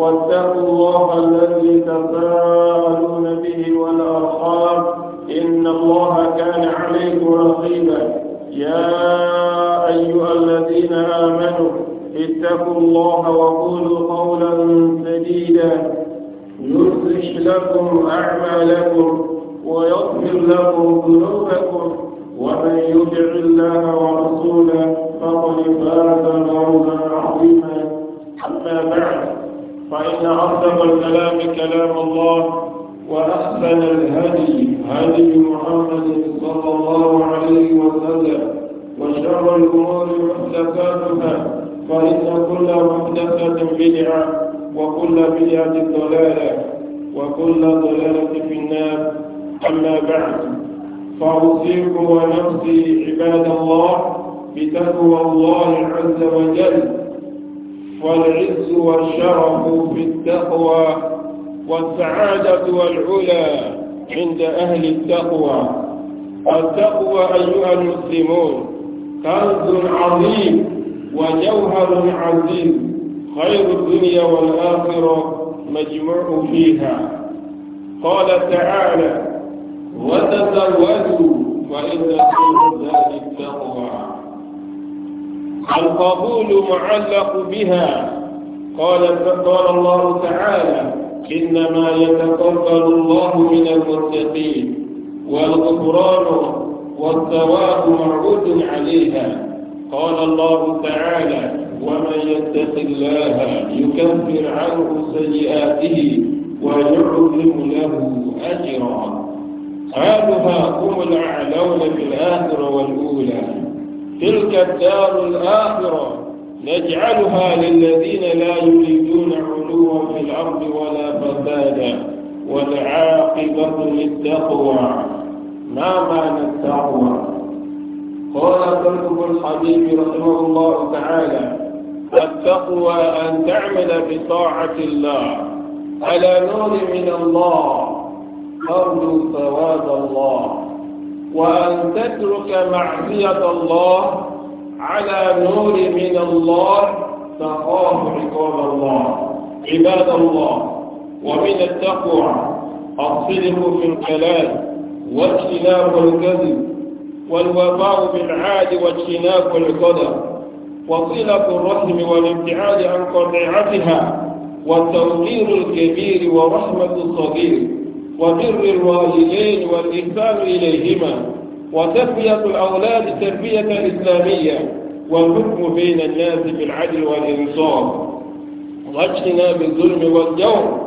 واتقوا الله الذي تبارك السعادة والعلا عند أهل التقوى التقوى أيها المسلمون كنز عظيم وجوهر عظيم خير الدنيا والآخرة مجموع فيها قال تعالى وتزودوا فإن كل ذلك التقوى القبول معلق بها قال قال الله تعالى إنما يتقبل الله من المتقين والغفران والثواب معود عليها قال الله تعالى ومن يتق الله يكفر عنه سيئاته ويعظم له أجرا أهلها هم الأعلون في الآخرة والأولى تلك الدار الآخرة نجعلها للذين لا يريدون علوا في الأرض ولا فسادا والعاقبة للتقوى ما معنى التقوى قال كتب الحبيب رحمه الله تعالى التقوى أن تعمل بطاعة الله على نور من الله ترجو ثواب الله وأن تترك معصية الله على نور من الله تخاف عقاب الله عباد الله ومن التقوى الصدق في الكلام واجتناب الكذب والوفاء بالعاد واجتناب القدر وصلة الرحم والابتعاد عن قطيعتها والتوقير الكبير ورحمة الصغير وبر الوالدين والإحسان إليهما وتربية الأولاد تربية إسلامية والحكم بين الناس بالعدل والإنصاف واجتناب الظلم والجور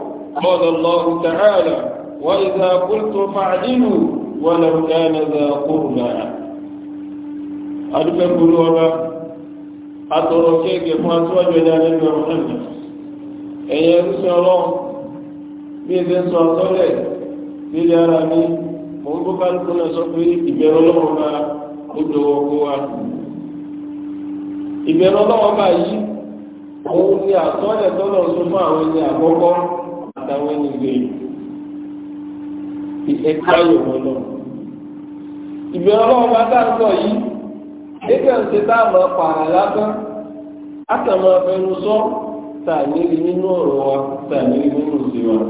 قال الله تعالى وإذا قلتم فاعدلوا ولو كان ذا قربى أدفع قلوبا أتركيك فاتوى جلال محمد أي رسول الله بإذن صلى الله عليه وسلم òun tó bá lùkú náà sọ pé ìbẹ̀rù ọlọ́wọ́ bá ó dọwọ́ kó wa ìbẹ̀rù ọlọ́wọ́ bá yìí òun ni àtọ́lẹ̀ tọ́lọ̀ sọ fún àwọn ẹni àkọ́kọ́ àtàwọn ẹni gbẹ̀yìn ẹ̀ka ìbẹ̀rù ọlọ́wọ́ bá yìí nígbà tí tà nínú ọ̀rọ̀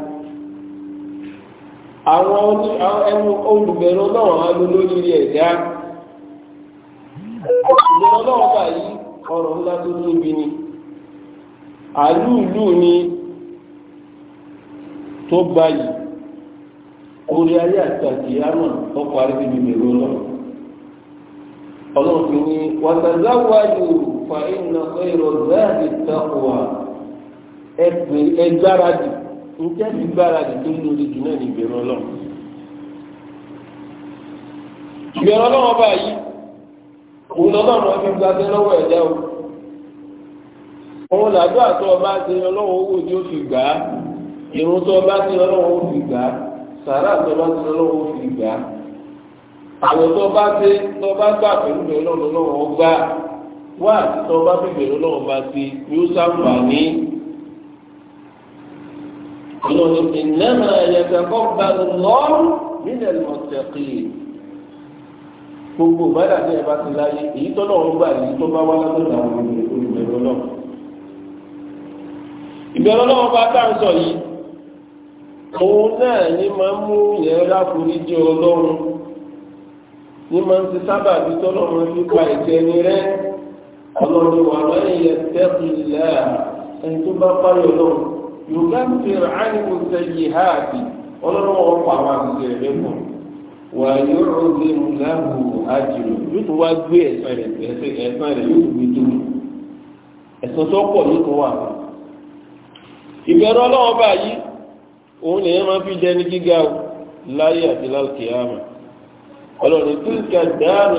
àwọn ẹnu olùbẹ̀rù ọlọ́run alu lórí ẹ̀dá náà ọlọ́run báyìí ọ̀rọ̀ ńlá tó tóbi ni àlúùlù ni tó báyìí orí ayé àti àkìyámà ọkọ̀ àrídì ìbẹ̀rù ọlọ́run ọlọ́run fi ní wàtàzáwájú fa záàdì tàkùwà ẹgbáradì njẹ́ ti gbáradì tó lórí jù náà ní ìbẹ̀rù ọlọ́run ìbẹ̀rù ọlọ́run ọba yìí òun lọ́lọ́run ọbí gbadé lọ́wọ́ ẹ̀dá o òun làdó àtọ́ ọba ṣe ọlọ́run owó tí ó fi gbà á irun tó ọba ṣe ọlọ́run ó fi gbà á sàrà tó ọba ṣe ọlọ́run ó fi gbà á àwọn tó ọba ṣe tó ọba gbà pẹ̀lú ìbẹ̀rù ọlọ́run ọlọ́run ọgbà wá àti tó ọba fi ìbẹ̀rù ọlọ́run ọba ṣe yóò sáfà ní ìlọ́ni ìnáma ẹ̀yẹ̀kẹ́kọ́ bá lọ́rùn nílẹ̀ lọ́tẹ̀kì. gbogbo bàdà tí ẹ bá ti láyé èyí tó náà ń gbà yìí tó bá wá látọ̀dọ̀ àwọn olùbẹ̀rẹ̀ náà. ìbẹ̀rẹ̀ náà bá dá ń sọ yìí òun náà ni máa ń mú yẹn ráforí jẹ ọlọ́run ní máa ń ti sábà bí tọ́lọ́run fi pa ìjẹni rẹ ọlọ́run wà lọ́yẹ̀ tẹ́kùn ilẹ̀ ẹni tó bá páyọ̀ náà yorùbá ń tẹ̀rọ àyìnbó sẹ́yìn ọlọ́run wọn pa àwọn àgùntàn rẹ pọ̀ wà yóò gbé mùláhù àjùrò yóò tún wá gbé ẹ̀sán rẹ̀ ẹ̀sán rẹ̀ yóò tún gbé ẹ̀sán tó pọ̀ yóò tún wà. ìbẹ̀rù òun lè máa fi jẹni gíga láyé àti lálùkìyàmà ọlọ́run dáàrú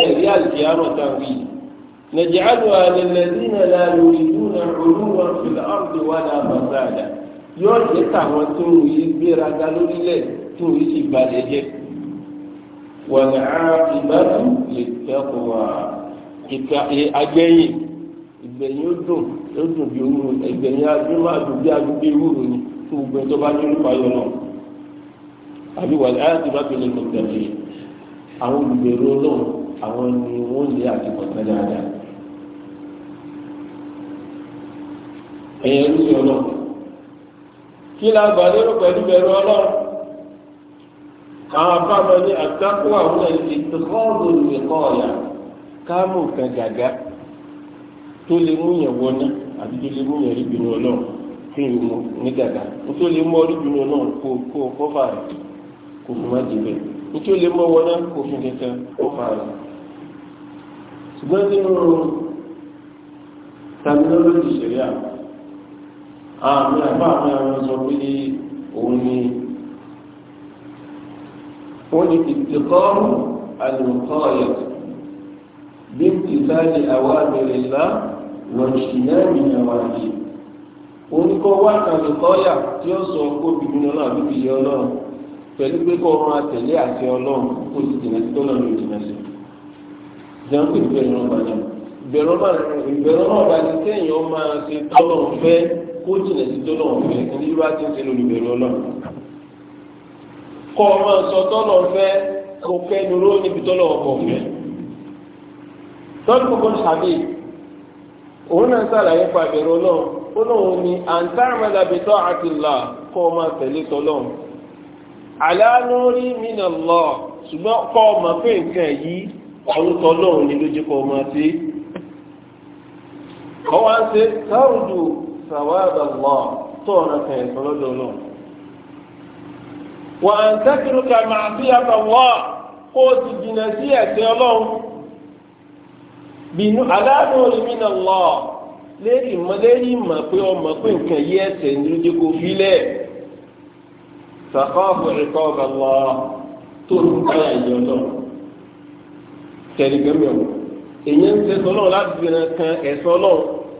ẹ̀rí táwọn yìí. نجعلها للذين لا يريدون علوا في الأرض ولا فسادا yóò jẹ́ táwọn tó ń yí gbéraga lórílẹ̀ tó ń yí balẹ̀ jẹ́ wọn á ìbátu lè tẹ́kọ̀ wá ìka agbẹ́yìn ìgbẹ̀yìn ó dùn ó dùn bí owó ìgbẹ̀yìn adúmọ̀ àdúgbò àdúgbò ewúro ni fún gbogbo ẹjọ́ bá lórí payọ́ náà àbí wọn á ìbátu lè tẹ̀lé àwọn olùgbèrò náà àwọn ni wọ́n lé àtìkọ̀tà dáadáa. ẹ̀yẹ lórí ọlọ́run kí la gbà lérò pẹ̀lú bẹ̀rù ọlọ́run àwọn afáàmọ́ ní àtàkùn àwọn ẹ̀sìn tó ọ̀yà káàmù kan gàgá tó lè mú yẹn àti tó lè mú yẹn ní kí n mú ní tó lè mú ríbi ní kó kó rẹ̀ kó fún tó lè àmì àbá àmì àwọn sọ pé òun ni wọ́n ní ìtìkọ́rù àlùkọ́ọ̀yẹ̀ bí ìtìsáàlì àwọn àbẹ̀rẹ̀ ńlá wọ́n ṣì náà nìyẹn wà ní. oníkọ́ wá àlùkọ́ọ̀yà tí ó sọ kó bìbínú náà bí bìyẹ ọlọ́run pẹ̀lú pé kó ọrùn àtẹ̀lé àti ọlọ́run kó ti dìnnà sí tọ́lọ́ ní ìdìnnà sí. jẹun pé ìbẹ̀rù náà bá ní. ìbẹ̀rù náà tọ́lọ́run fẹ́ kó jìnà sí tó náà fẹ́ ní irú àti ìṣẹ̀lẹ̀ olùbẹ̀rù ọlọ́run kọ́ ọ máa sọ tọ́nà fẹ́ kó kẹ́nu ró níbi tọ́nà ọkọ̀ fẹ́ tọ́nà kọ́kọ́ tàbí òun náà sàlàyé pàbẹ̀rù ọlọ́run ó náà ní àǹtàràmẹ́lá bìtọ́ àti là kọ́ ọ máa tẹ̀lé tọ́lọ́run àlánúrí mìíràn lọ ṣùgbọ́n kọ́ ọmọ pé nǹkan yìí ọlọ́tọ̀ ọlọ́run ni ló jẹ́ kọ́ ọmọ sí. ọwọ́ á ń ṣe sáwùdù ثواب الله طونك يتولدون وأن تترك معصية الله قوت جنسية الله على نور من الله lérí ìmọ̀ lérí ìmọ̀ pé ọmọ pé nǹkan yí ẹsẹ̀ ní ló dé kó fi lẹ̀ sàkọ́ọ̀fù ẹ̀kọ́ ọ̀gá lọ tó ń káyà ìyọ̀ lọ tẹ̀lé gbẹ̀mí ọ̀hún èyí ń sẹ́sọ̀ náà láti fi kan ẹ̀sọ́ náà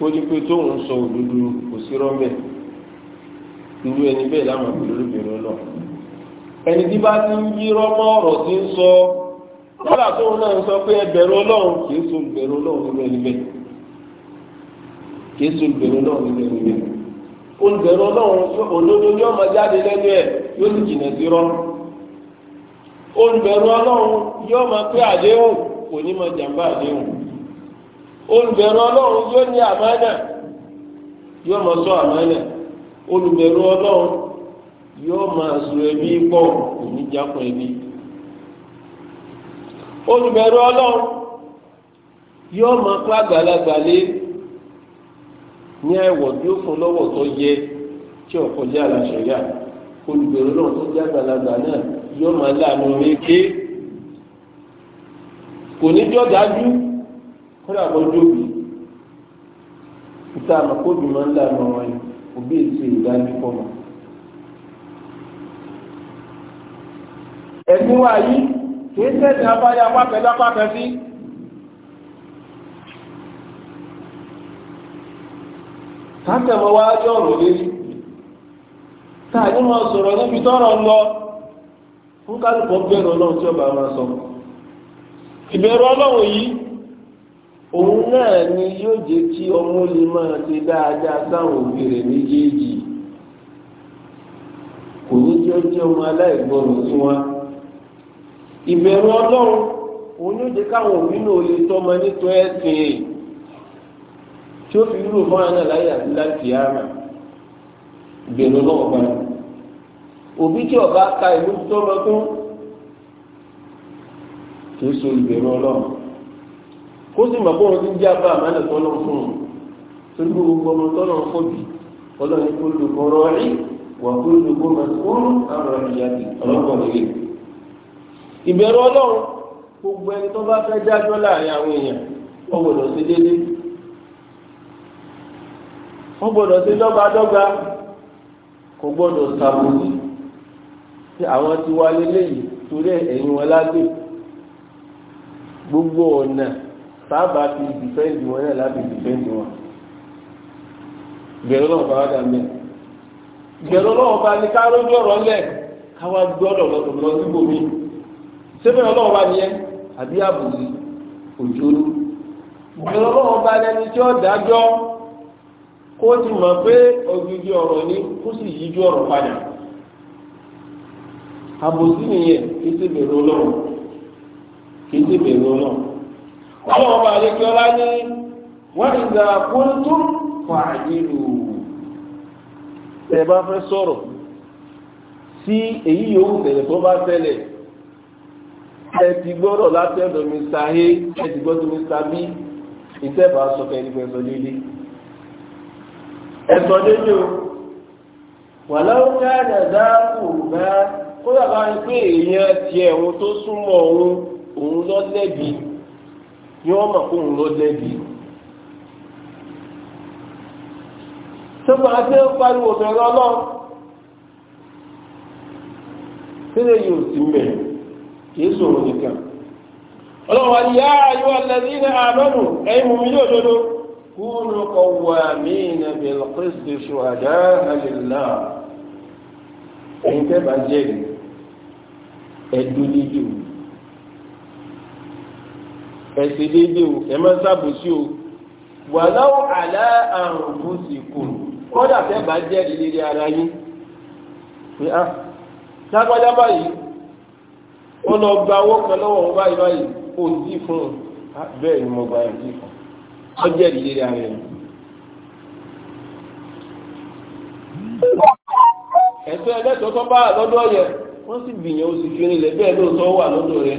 kó ní pé tóun sọ òdodo kò sí rọ́mẹ̀ irú ẹni bẹ́ẹ̀ láwọn àgbèrè bẹ̀rẹ̀ lọ. ẹni tí bá ti ń yí rọ́mọ́ ọ̀rọ̀ tí ń sọ kọ́lá tóun náà ń sọ pé ẹbẹ̀rún ọlọ́run kì so ìbẹ̀rún ọlọ́run nínú ẹni bẹ́ẹ̀ kì so ìbẹ̀rún ọlọ́run nínú ẹni bẹ́ẹ̀ olùbẹ̀rún ọlọ́run òdodo yóò máa jáde lẹ́nu ẹ̀ yóò sì jìnà sí rọ́ olùbẹ̀rún ọlọ́run yóò máa pé àdéhùn kò ní máa jàǹbá àdéhùn. olùbẹ̀rù ọlọ́run yóò ní àmánà yóò máa sọ àmánà olùbẹ̀rù ọlọ́run yóò máa so ẹbí pọ̀ oníjàpọ̀ ẹbí olùbẹ̀rù ọlọ́run yóò kó àgbàlagbà lé ní ẹ̀wọ̀ tí ó fún lọ́wọ́ tó yẹ tí ọ̀pọ̀ jẹ́ àlàṣẹ̀yà olùbẹ̀rù ọlọ́run tó jẹ́ àgbàlagbà náà yóò máa láàánú ké ní dájú. kódà bọ́jú òbí níta àmọ́kòbí máa ń dà mọ́ wọn òbí ètò wa yìí kìí sẹ́sìn abáyé apákẹ́lẹ́ apákẹ́sí. kákẹ́mọ́ wá jọ ọ̀rọ̀ lérí káàdé máa sọ̀rọ̀ níbi tọ́rọ̀ ń lọ fún tí ọba máa sọ. ìbẹ̀rù ọlọ́run yìí òun náà ni yóò jẹ́ kí ọmọ lè máa ṣe dáadáa sáwọn òbí rẹ̀ méjèèjì kò ní kí ó ọmọ aláìgbọràn sí wọn ọlọ́run òun yóò jẹ́ káwọn òbí náà lè tọ́mọ nítorí tí ó fi rú fún láyé àti ọba ka ìlú tó kó sì mọ̀ kó wọn ti jẹ́ abá àmàlẹ̀ tọ́lọ̀ fún un torí gbogbo ọmọ tọ́lọ̀ fọ́ bì ọlọ́ni kó lu kọ́rọ́ rí wà kó lu kó máa tó àrùn àyà bì ọlọ́pàá nílé. ìbẹ̀rù ọlọ́run gbogbo ẹni tó bá fẹ́ dájọ́ láàrin àwọn èèyàn wọ́n gbọ́dọ̀ sí déédéé wọ́n gbọ́dọ̀ sí dọ́gbadọ́gba kò gbọ́dọ̀ sàbòsí tí àwọn ti wáyé léyìí torí ẹ̀yìn wọn lágbè gbogbo ọ̀nà sábà fi dìfẹ́ǹdì wọn náà láti dìfẹ́ǹdì wọn bẹ̀rẹ̀ náà bá dà mẹ́ bẹ̀rẹ̀ náà bá ní ká lójú ọ̀rọ̀ lẹ̀ káwá gbọ́dọ̀ lọ síbò ọlọ́wọ́ bá ní àbí tí ó dájọ́ kó ti mọ̀ pé ògidì ọ̀rọ̀ ni kó sì yíjú ọ̀rọ̀ padà nìyẹn kí àwọn ọba àlejò ọlá ní wọ́n ìgbà kúntùn fàáyìlù tẹ́ bá fẹ́ sọ̀rọ̀ sí èyí yòówù tẹ́lẹ̀ tó bá tẹ́lẹ̀ ẹ ti gbọ́rọ̀ láti ọ̀dọ̀ mr a ẹ ti gbọ́dọ̀ mr b ìtẹ́bà sọ̀kẹ́ ẹni fẹ́ sọ déédé ẹ̀sọ̀ déédé o wà láwùjá dàda kò bá kó dàbá pé èèyàn tiẹ̀ òun tó yóò mọ̀ fún òun ló lẹ́bi. sọ́kùn àti pariwo bẹ̀rẹ̀ ọlọ́run sílẹ̀ yóò ti mẹ̀ kìí sọ̀rọ̀ nìkan. ọlọ́run wa ni yá ayé wa lẹ́sìn ní àmọ́nù ẹ̀yin mú mi yóò dodo. kúrò ọ̀wà mí nà bẹ̀rẹ̀ kristu ṣùwàdà àlìlá. ẹ̀yin tẹ́ bá jẹ́rìí ẹ̀dùn nídìí ẹsẹ déédéé o ẹ máa sábòsí o wàláwò àlá àrùn bùsì kù kódà fẹ́ bá jẹ́ ìlérí ara yín pé á ah, lágbájá báyìí ó lọ gba owó kan lọ́wọ́ wọn báyìí báyìí kò dí fún un ah, bẹ́ẹ̀ ni mo gba ẹ̀ dí fún un ó jẹ́ ìlérí ara yín. ẹ̀sọ́ ẹlẹ́tọ̀ọ́ tó bá lọ́dọ̀ yẹ wọ́n sì gbìyànjú sí fi rinlẹ̀ bẹ́ẹ̀ lóòótọ́ wà lọ́dọ̀ rẹ̀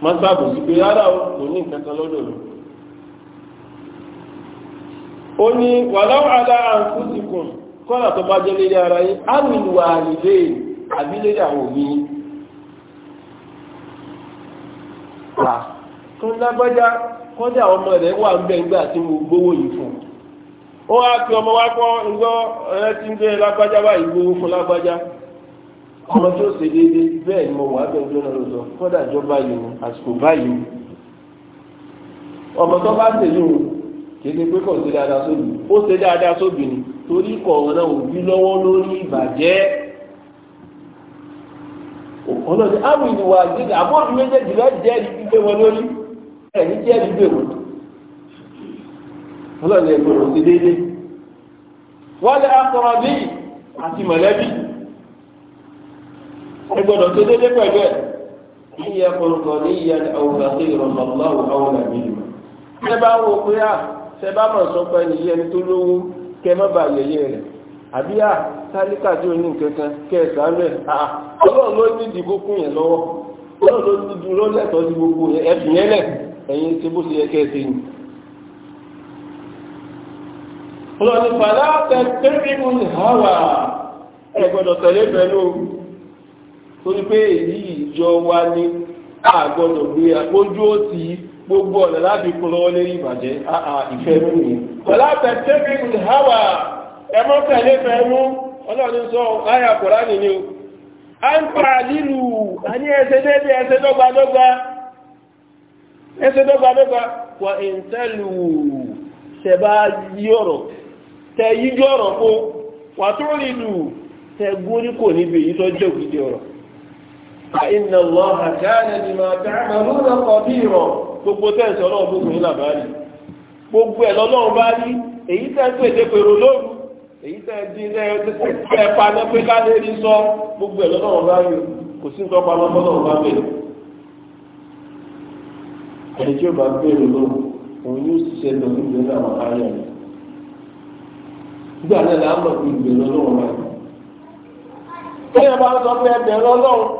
má sábò sí pé rárá o kò ní nǹkan kan lọ́dọ̀ lọ. ó ní wàláwà alá àǹkúsìkùn kọ́nà tó bá jẹ́ lérí ara yín ámìlúwà nílé àbí lérí àwọn òbí yín. rà tó lágbájá kọ́dà ọmọ rẹ̀ wà ń bẹ̀ ńgbà mo gbówó yìí fún ó wá pe ọmọ wa kọ́ ń gbé lágbájá ọmọ tí ó ṣe déédéé bẹ́ẹ̀ ni mo wà bẹ́ẹ̀ tó náà ló sọ kódà jọ báyìí o àsìkò báyìí o ọmọ tó bá tẹ̀lé o kéde pé kò ṣe dáadáa sóbì ó ṣe dáadáa sóbì ni torí kọ̀ọ̀rọ̀ náà òbí lọ́wọ́ lórí ìbàjẹ́ ọlọ́dẹ àwọn ìwà àgbẹ̀dẹ àbọ̀dún méjèèjì lọ jẹ́ ìgbé wọn lórí ẹ̀mí jẹ́ ìgbé wọn ọlọ́dẹ ẹ̀kọ́ ló ṣe déédéé wọ́n lé akọ̀rọ̀ bíi àti mọ̀lẹ́bí ẹ gbọ́dọ̀ tó dédé pẹ̀lú ẹ̀ níyà kọ̀ọ̀kan níyà àwòrán ìrọ̀lọ́lá àwọn àmìlú tẹ bá wò pé à tẹ bá mọ̀ sọ pé nìyẹn ẹni tó lówó kẹ mọ́ bá yẹyẹ rẹ̀ àbí à tí ò ní kẹ ọlọ́run ló ní ìdìbò kún yẹn lọ́wọ́ ọlọ́run ló ní dúró sí gbogbo ẹ̀fìn yẹn lẹ̀ ẹ̀yin ti bó yẹ kẹ́ ẹ ti yìn torí pé èyí ìjọ wa ní àgbọ̀dọ̀ gbé àpójú ó ti gbogbo ọ̀nà láti kún lérí ìbàjẹ́ àà ìfẹ́ mú ni. ọ̀la tẹ̀síbí ìhàwà ẹ̀mọ́ tẹ̀lé fẹ́ mú ọlọ́run sọ àyà ni o. a ń pa lílù àní ẹsẹ̀ ẹsẹ̀ dọ́gbadọ́gba ẹsẹ̀ dọ́gbadọ́gba wà ṣẹ̀bá tẹ̀ ọ̀rọ̀ kó wà tó lílù tẹ̀ gúrí kò níbi ọ̀rọ̀. فإن الله كان بما تعملون خبيرا gbogbo tẹ́sí ọlọ́run gbogbo yín làbá rí gbogbo ẹ̀ lọ́lọ́run bá rí èyí tẹ́ ń pèsè pèrò lóru èyí pé ká lè rí sọ gbogbo ẹ̀ lọ́lọ́run bá rí kò sí nǹkan paná bọ́lọ́run bá bẹ̀rẹ̀. ẹni tí ó bá bẹ̀rẹ̀ lóru òun yóò ṣiṣẹ́ lọ sí ìgbésẹ̀ àwọn aráyà rẹ̀ gbogbo àlẹ́ làá mọ̀ lọ́lọ́run bá rí.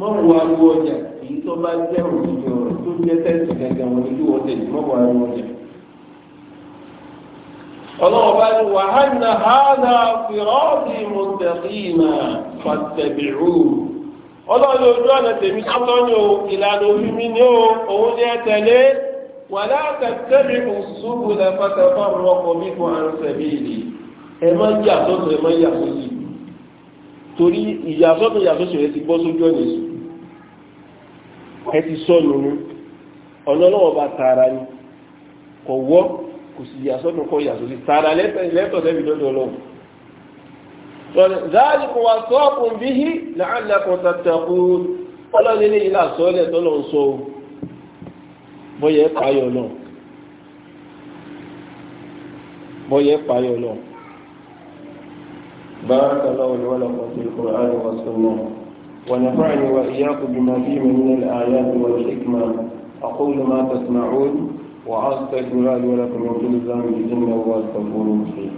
mọ wo ariwo ọjà èyí tó bá jẹ òṣìṣẹ́ ọ̀rọ̀ tó jẹ tẹsí gàgàn wọn ojú wọn tẹ́lẹ̀ mọ wo ariwo ọjà. ọlọ́wọ́ bá ní wàhánà hánà fìrọ́ọ̀dì mùtẹ̀kìmà fàtẹ̀bìrù. ọlọ́run ojú ọ̀nà tèmi sọ́tọ́ ni o ìlànà ojú mi ni o òun ni ẹ tẹ̀lé wàlá tẹ̀tẹ̀rì òṣùwù lẹ́fẹ̀tẹ̀ fọ́ọ̀rọ̀ ọkọ̀ mi kò àrùn torí ìyàsọ́tọ̀ ìyàsọ́sọ̀ rẹ ti bọ́ sójú ọ̀nà èṣù ẹ ti sọ nínú ọ̀nà ọlọ́wọ́ bá tààrà ni kò wọ́ kò sì ìyàsọ́tọ̀ kọ́ ìyàsọ́sọ̀ tààrà lẹ́tọ̀ lẹ́bi lọ́dọ̀ ọlọ́wọ́ ذلك وصاكم به لعلكم تتقون ọlọ́run nílé ilé àsọ́ọ́lẹ̀ tọ́lọ̀ ń بارك الله لي ولكم في القرآن والسنة ونفعني وإياكم بما فيه من الآيات والحكمة أقول ما تسمعون وأستغفر الله ولكم من كل ذنب إنه هو الغفور الرحيم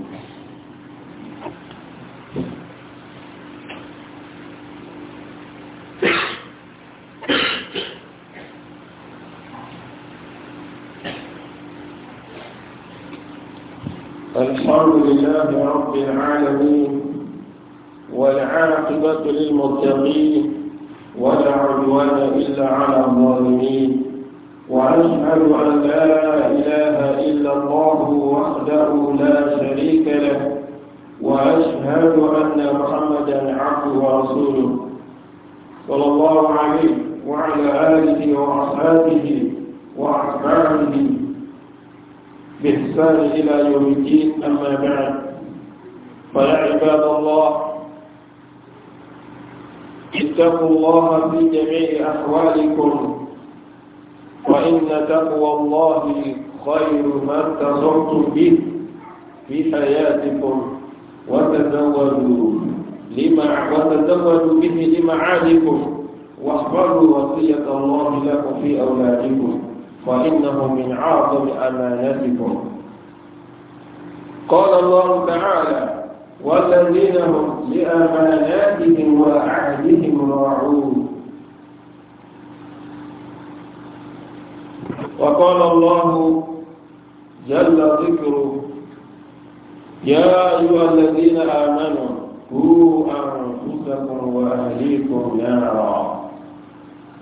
الحمد لله رب العالمين والعاقبة للمتقين ولا عدوان إلا على الظالمين وأشهد أن لا إله إلا الله وحده لا شريك له وأشهد أن محمدا عبده ورسوله صلى الله عليه وعلى آله وأصحابه وأتباعه بإحسان إلى يوم الدين أما بعد فيا عباد الله اتقوا الله في جميع أحوالكم وإن تقوى الله خير ما انتصرتم به في حياتكم وتزودوا لما وتزودوا به لمعادكم واحفظوا وصية الله لكم في أولادكم فإنه من أعظم أماناتكم قال الله تعالى وتمرينهم لأماناتهم وأعهدهم راعون وقال الله جل ذكره يا أيها الذين آمنوا كوا أنفسكم وأهليكم نارا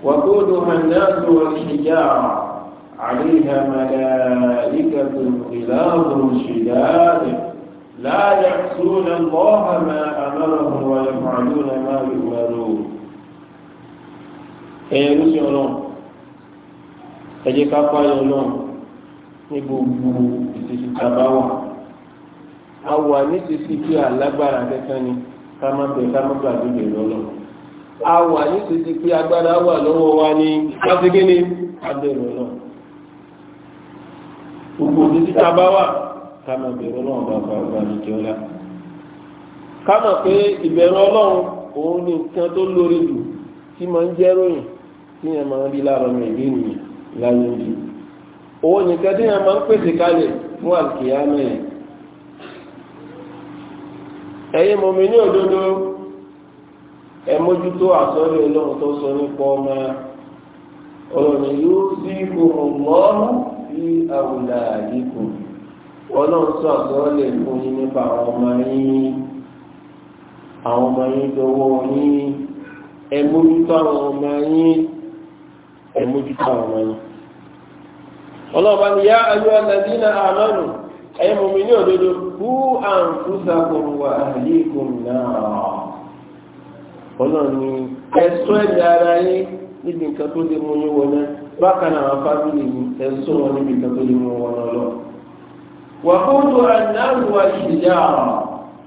وقودها الناس والحجارة عليها ملائكة غلاظ شداد لا يعصون الله ما أمرهم ويفعلون ما يؤمرون ẹ̀yẹ lóṣù ọlọ́run ẹ jẹ́ ká pààyà ọlọ́run ní gbogbo ìṣesí tàbá wà a wà ní alágbára ni ká má bẹ ká má wà ní agbára wà lọwọ wa ní káfíńkì gbogbo ìṣesí wà. kámọ̀ bẹ̀rù ọlọ́run bàbá ọba nìjọ́lá kámọ̀ pé ìbẹ̀rù ọlọ́run òun ni nǹkan tó lórí jù tí máa ń jẹ́ ròyìn tí yẹn máa ń rí lára ọmọ ìlú ènìyàn láyé yìí òun nìkan tí yẹn máa ń pèsè kalẹ̀ fún àkìyá mẹ́rin ẹ̀yin mọ̀mí ní òdodo ẹ mójútó àsọ́rí ọlọ́run tó sọ nípa ọmọ ọlọ́run yóò sí ìfòhùn mọ́ sí àwùlà àdínkù. ọlọ́run sọ àgbọ́lẹ̀ fún yín nípa àwọn ọmọ yín àwọn ọmọ yín dọwọ́ yín ẹ àwọn ọmọ àwọn ọmọ yín. ọlọ́run bá yá ayé ọ̀nàdí náà àmọ́nù ní òdodo kú àǹfùsàkùn wà àyíkùn náà. wàkóòtò àdáhùn wa ṣìyà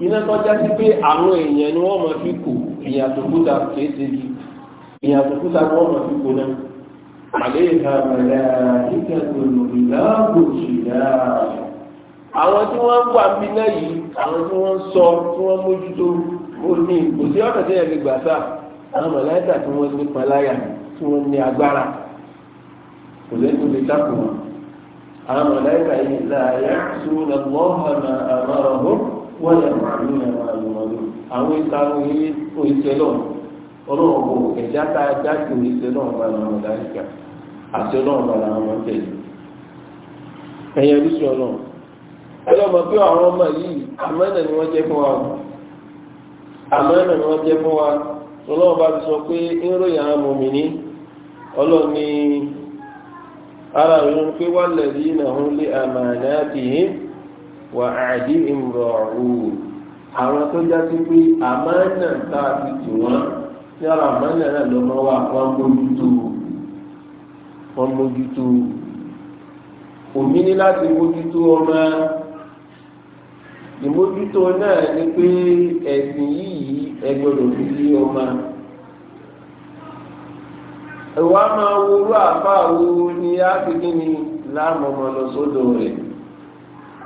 iná tọ́já sí pé àwọn èèyàn ni wọ́n máa fi kù ìyàtọ̀ kúta jù ìyàtọ̀ ni wọ́n máa fi kù náà. àlẹ́ ìhàmẹ̀lẹ́ ìkẹ́kọ̀ọ́ ìlàgbò ṣìyà. àwọn tí wọ́n ń wà bí náà yìí àwọn tí wọ́n ń sọ tí wọ́n mójútó ó ní kò sí ọ̀nà tí ẹ̀rì gbà sá àwọn mọ̀láyà tí wọ́n ní paláyà tí wọ́n ní agbára kò lẹ́nu lè dákùn wọn. àwọn mọ̀láìkà yìí láàyè sóòlà lọ́hà na àmàrà hó àwọn ìkarùn yìí oríṣẹ́ náà ọlọ́run kò ẹ̀já tá a já náà bá bá ọmọ tẹ̀lé pé àwọn ọmọ yìí àmọ́nà ni wọ́n jẹ́ fún wa àmọ́nà ni wọ́n jẹ́ fún wa bá ti ara ìlú pé walladhina hum li amanatihim wa ahdihim ra'un àwọn tó já sí pé àmánà tá a fi tì wọ́n ní ara àmánà náà lọ́mọ wa wọ́n mójútó wọ́n mójútó òmí ní mójútó ọmọ ìmójútó náà ni pé ẹ̀sìn yìí ẹ gbọ́dọ̀ ọmọ. ìwà máa wúrú àfa wo ni a fi kí ni láàmú lọ sódò rẹ̀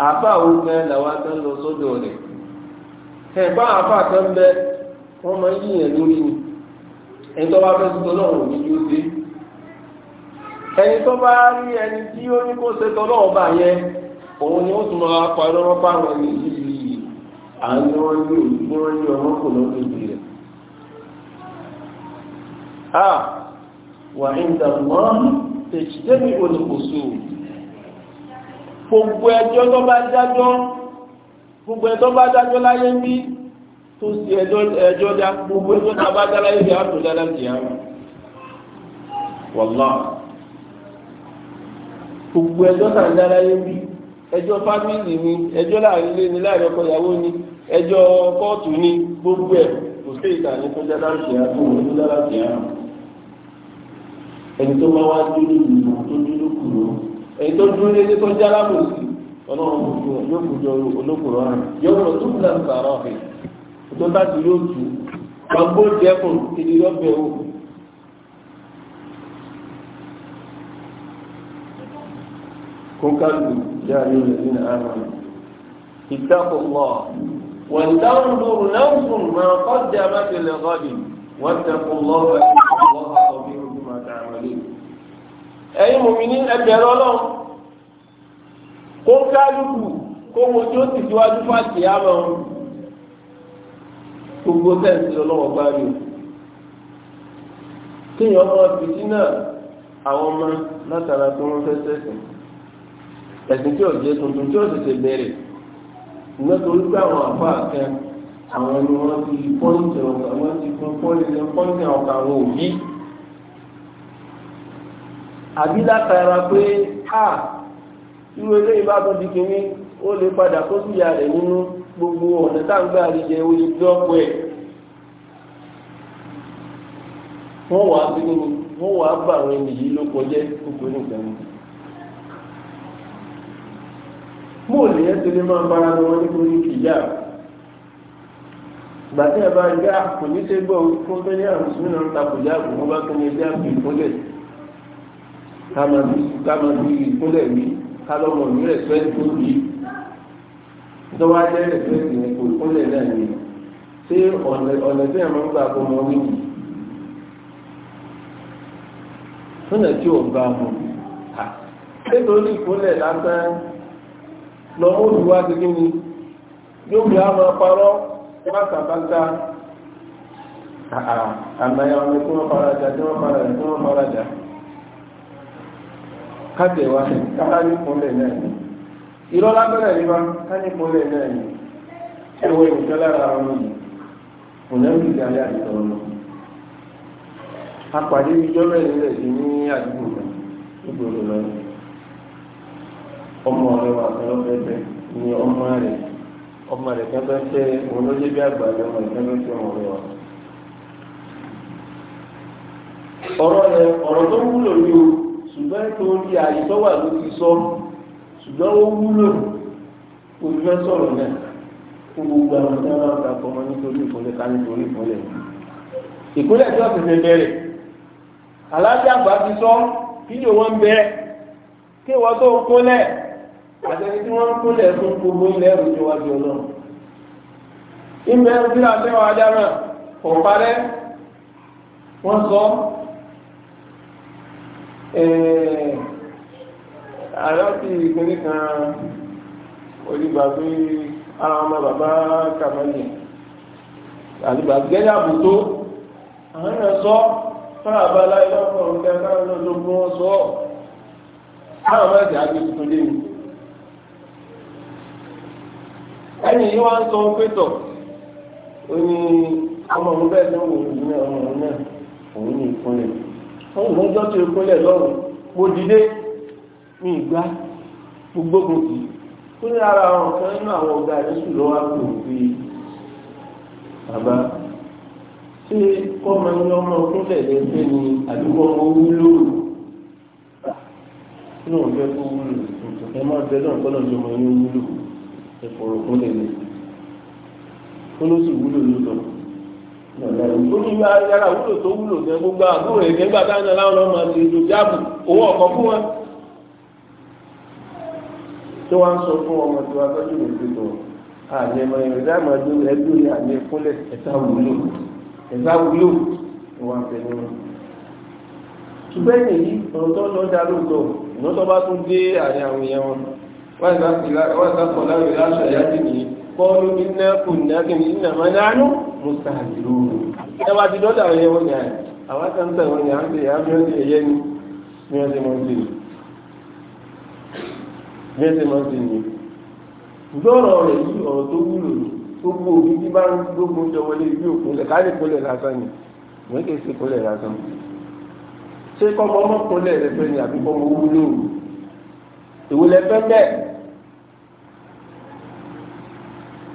àfa wo làwa kan lọ sódò rẹ̀ ẹ̀gbọ́n àfa kan bẹ wọ́n máa ń yíyàn lórí ni ẹni tó bá fẹ́ sọ lọ́wọ́ dé ẹni tó bá rí ẹni tí ó ní kó ṣe yẹn òun ni ó tún máa pa ẹni yìí àánú wọn وعند الله تجتمع الخصوم gbogbo ẹjọ́ tó bá dájọ́ gbogbo ẹjọ́ bá dájọ́ láyé ń bí tó sì ẹjọ́ ẹjọ́ dá gbogbo ẹjọ́ tó bá dá láyé bí àtò dáadáa ti hàn wàlá gbogbo ẹjọ́ tó dá láyé ń bí ẹjọ́ fámìlì ni ẹjọ́ láàrin ilé ni láàrin ọkọ ìyàwó ni ẹjọ́ kóòtù ni gbogbo ẹ kò sí ìtàn ní tó dáadáa ti hàn tó dáadáa ti hàn ẹni tó bá wá dúró ìlú tó dúró kùrò ẹni tó dúró lédè tó jára mọ̀ sí ọlọ́run ojú yóò kújọ olókùrọ̀ rẹ̀ yóò rọ̀ tó kúlẹ̀ nǹkan ọ̀hìn tó bá ti yóò tù gbàgbó dẹ́kun kiri lọ́bẹ̀ o. kókàlù jáde rẹ̀ nínú àrùn ìtàkùnlọ̀ wọ̀n dáhùn lóru náà fún mọ́ ọ́ jẹ́ abájẹ́lẹ̀ rọ́ọ̀dì wọ́n tẹ̀kùn lọ́wọ́ ẹ̀yin mùmíní ẹgbẹ̀rún ọlọ́run kó kálukú kó wo tí ó sì síwájú fàtì àmọ́ gbogbo sẹ́ǹsì ọlọ́wọ́ gbárí o kéèyàn ọmọ bìtì náà àwọn ọmọ látara tó ń fẹ́ sẹ́sìn ẹ̀sìn tí ò jẹ́ tuntun tí ó sì ṣe bẹ̀rẹ̀ ìgbà tó ń gbé àwọn àfa àkẹ́ àwọn ẹni wọn ti pọ́ǹtì ọ̀gá wọn ti fún pọ́ǹtì ọ̀gá wọn ò yí àbí látara pé ha irú ilé ìbátan di kìíní ó lè padà kó sí ìyá rẹ̀ nínú gbogbo ọ̀nà táǹgbà àríjẹ oyè tí ọ̀pọ̀ ẹ̀ wọ́n wà á bí nínú wọ́n wà á bá àwọn ènìyàn ló kọjẹ́ gbogbo nìkan ni mo ò lè yẹn tó lè máa bára wọn nítorí kìíyà gbàtí ẹ̀ bá ń gbé àpò ní sẹ́gbọ̀n fún bẹ́ẹ̀ ní àrùn sínú àwọn takòjá àbùkù bá tó ní ẹgbẹ́ àpò ìfúnlẹ̀ kama bí kama bí ìkúnlẹ̀ mi kálọ́mọ mi rẹ̀ fẹ́ tó bí tọ́wọ́ ajẹ́ rẹ̀ fẹ́ tó ní kò ìkúnlẹ̀ náà ni ṣé ọ̀nà tí àwọn gbà kó mọ wí yìí sọ́nà tí ò bá mọ̀ ha nítorí ìkúnlẹ̀ lásán lọ́mọ olùwà ti kí ni yóò bí a máa parọ́ pátápátá àmàyà ọmọ tí wọ́n fara jà tí wọ́n fara jà tí wọ́n fara jà. kájẹ̀wá kára ní ìpínlẹ̀ náà ni irọ́ lábẹ́rẹ̀ nípa ká ní ìpínlẹ̀ náà ni ẹ̀wọ̀ ìrùkẹ́ lára ọmọ yìí kò lẹ́rù ìdí ayé àti ọ̀rọ̀ wa ni wa tó wúlò o ṣùgbọ́n torí ààyè tó wà ló ti sọ ṣùgbọ́n ó wúlò olùfẹ́ sọ̀rọ̀ náà fún gbogbo àwọn tí wọ́n bá ń ta ọmọ nítorí ìpínlẹ̀ ká nítorí ìpínlẹ̀ ìpínlẹ̀ tí wọ́n ti fẹ́ bẹ̀rẹ̀ alájà àgbà ti sọ fídíò wọn ń bẹ̀rẹ̀ kí wọ́n tó ń kólẹ̀ àtẹni tí wọ́n ń kólẹ̀ fún gbogbo ilẹ̀ ẹ̀rù tí wọ́n di ọlọ́run ìmọ̀ ẹ̀rù tí wọ́n fẹ́ àyọ́tí eh, ìpínlẹ̀ kan olùgbàgbé ara ọmọ bàbá kàmẹ́lì àlùgbà gẹ́yàbù tó àwọn èèyàn sọ fún àbálá ìlọ́pọ̀ òkè káwọn ológun wọn sọ káwọn mẹ́sì àgbè tuntun lé mi ẹni yìí wá ń sọ pé tọ̀ ó ní ọmọ bẹ́ẹ̀ tó wò ní ọmọ òun náà òun ní ìpínlẹ̀ wọ́n lọ́jọ́ tó kúnlẹ̀ lọ́rùn mo dìde mi ìgbà gbogbo gbòkì ó ní ara àwọn kan nínú àwọn ọ̀gá yéṣù lọ́wọ́ pé òfin bàbá ṣé kọ́mọ ní ọmọ kúnlẹ̀ lẹ́sẹ̀ ni àdúgbò ọmọ wúlò inú ọ̀fẹ́ kó wúlò ẹ máa bẹ lọ́rùn kọ́nà ní ọmọ yẹn wúlò ẹ̀fọ̀rọ̀ kúnlẹ̀ lẹ́sẹ̀ ó ló sì wúlò lóòótọ́ ó ní ìgbà yàrá wúlò tó wúlò gẹ gbogbo àbúrò rẹ gẹgbà dáná láwọn ọmọ àti èdò jáàbù owó ọkọ fún wọn. tó wá ń sọ fún ọmọ tó wá tọ́jú rẹ̀ pé tó àmì ẹ̀mọ ìrìn dáàmú ẹdún ẹdún ní àmì ẹkúnlẹ̀ ẹ̀ta wúlò ẹ̀ta wúlò ni wọ́n fẹ́ nínú. ṣùgbọ́n èyí ọ̀rọ̀ tó lọ dá lóòótọ́ ìná tó bá tún dé àárín àwọn èèyàn wọn wọ́n ìsàkọ̀ láwẹ̀ láṣà yá kọ́ọ̀lù ẹ wá ti dọ́dà ẹyẹ wọn yà àwọn àtàntà wọn yà ń tẹ̀yà bí wọ́n ti ẹyẹ ni bí wọ́n ti mọ̀ sí ni bí wọ́n ti mọ̀ sí ni gbọ́rọ̀ rẹ̀ yí ọ̀rọ̀ tó wúlò ní gbogbo òbí bí bá ń gbogbo oúnjẹ wọlé ibi òkúnlẹ̀ káàdì kúnlẹ̀ lásán ni wọ́n kì sí kúnlẹ̀ lásán ṣé kọ́mọ ọmọkúnlẹ̀ rẹ̀ fẹ́ ni àbí kọ́mọ owó lóòrù fẹ́ bẹ́ẹ̀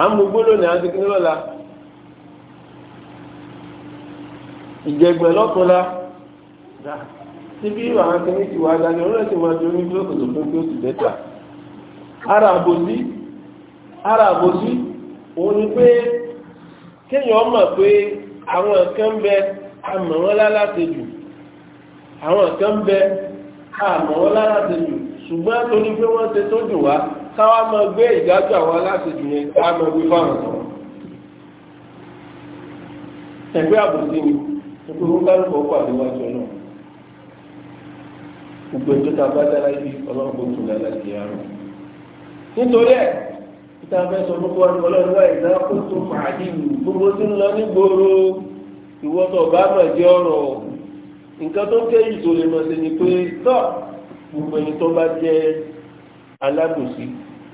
à ń mú gbólóhùn àti kíní lọ́la ìjẹgbẹ́ lọ́kùnla síbí àwọn akíní ti wá dájọ́ lọ́rẹ́ ti máa dorí gbólóhùn tó fún kí ó sì dẹ́ta ara àbòsí ara àbòsí òun ni pé kéèyàn mọ̀ pé àwọn nǹkan ń bẹ àmọ̀ wọn lára ti jù àwọn nǹkan ń bẹ àmọ̀ wọn lára ti jù ṣùgbọ́n torí pé wọ́n ti tó jù wá káwá máa gbé ìdájọ́ àwọn aláṣejù yẹn káwá máa gbé fáwọn ọ̀rọ̀ ẹgbẹ́ àbòsí ni gbogbo wọn bá lọ́kọ̀ọ́ pàdé wájú ọlọ́run gbogbo ẹjọ́ tá a bá dára yìí ọlọ́run kò tún dára sí ara nítorí ẹ̀ níta fẹ́ sọ fún wọn ọlọ́run wá ìdá kó tó fàájì gbogbo tí ń lọ ní gbòòrò ìwọ́tọ̀ bá mà jẹ́ ọ̀rọ̀ nǹkan tó ké yìí tó lè mọ̀ sí ni pé tọ́ gbogbo ẹni tó bá jẹ́ alábòsí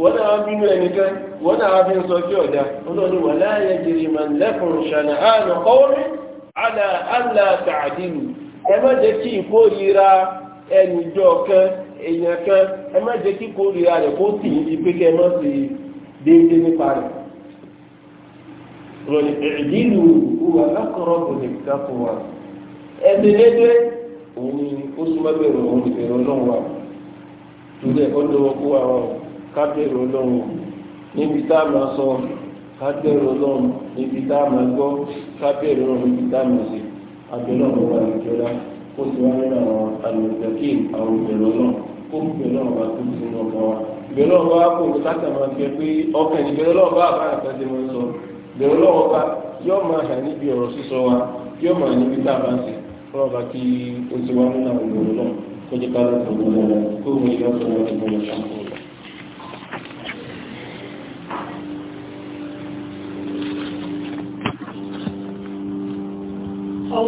wọ́n náà bínú ẹnìkan wọ́n náà fi ń sọ sí ọ̀dà olóòní wà láàyè jìrì màá lẹ́kùn ṣànà àánú kọ́wọ́rí àlà àlà tàdínù ẹ má jẹ́ kí ìkórira ẹnìjọ kan èèyàn kan ẹ má rẹ̀ kó tì í pé kẹ́ ìdílù wà lákọ̀rọ̀ kò lè dákọ̀ òun ni ó súnmọ́ bẹ̀rẹ̀ òun ìbẹ̀rẹ̀ ọlọ́run wa torí ẹ̀kọ́ lọ́wọ́ kó kábẹ̀rù ọlọ́run níbi tá a máa sọ kábẹ̀rù ọlọ́run níbi tá a gbọ́ kábẹ̀rù ọlọ́run níbi tá a máa ṣe abẹ́rẹ́ ọ̀rọ̀ wa ìjọba kó ti wá nínú àwọn àlùfẹ́kì àwọn ìbẹ̀rù ọlọ́run kó bẹ̀rù ọ̀rọ̀ wa kó ti lọ kọ́ wa ìbẹ̀rù ọ̀rọ̀ wa kò ní sákà máa fi pé ọkàn ìbẹ̀rù ọlọ́run bá àbá àkàtì wọn sọ ìbẹ̀rù ọlọ́run bá yóò máa hàn níbi ọ̀rọ̀ sísọ wa yóò máa níbi tá a bá ń ṣe ọlọ́ba kí o ti wá nínú àwọn ìbẹ̀rù ọlọ́run kó jẹ́ ká lọ́kọ̀ọ́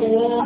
கூறுவோம்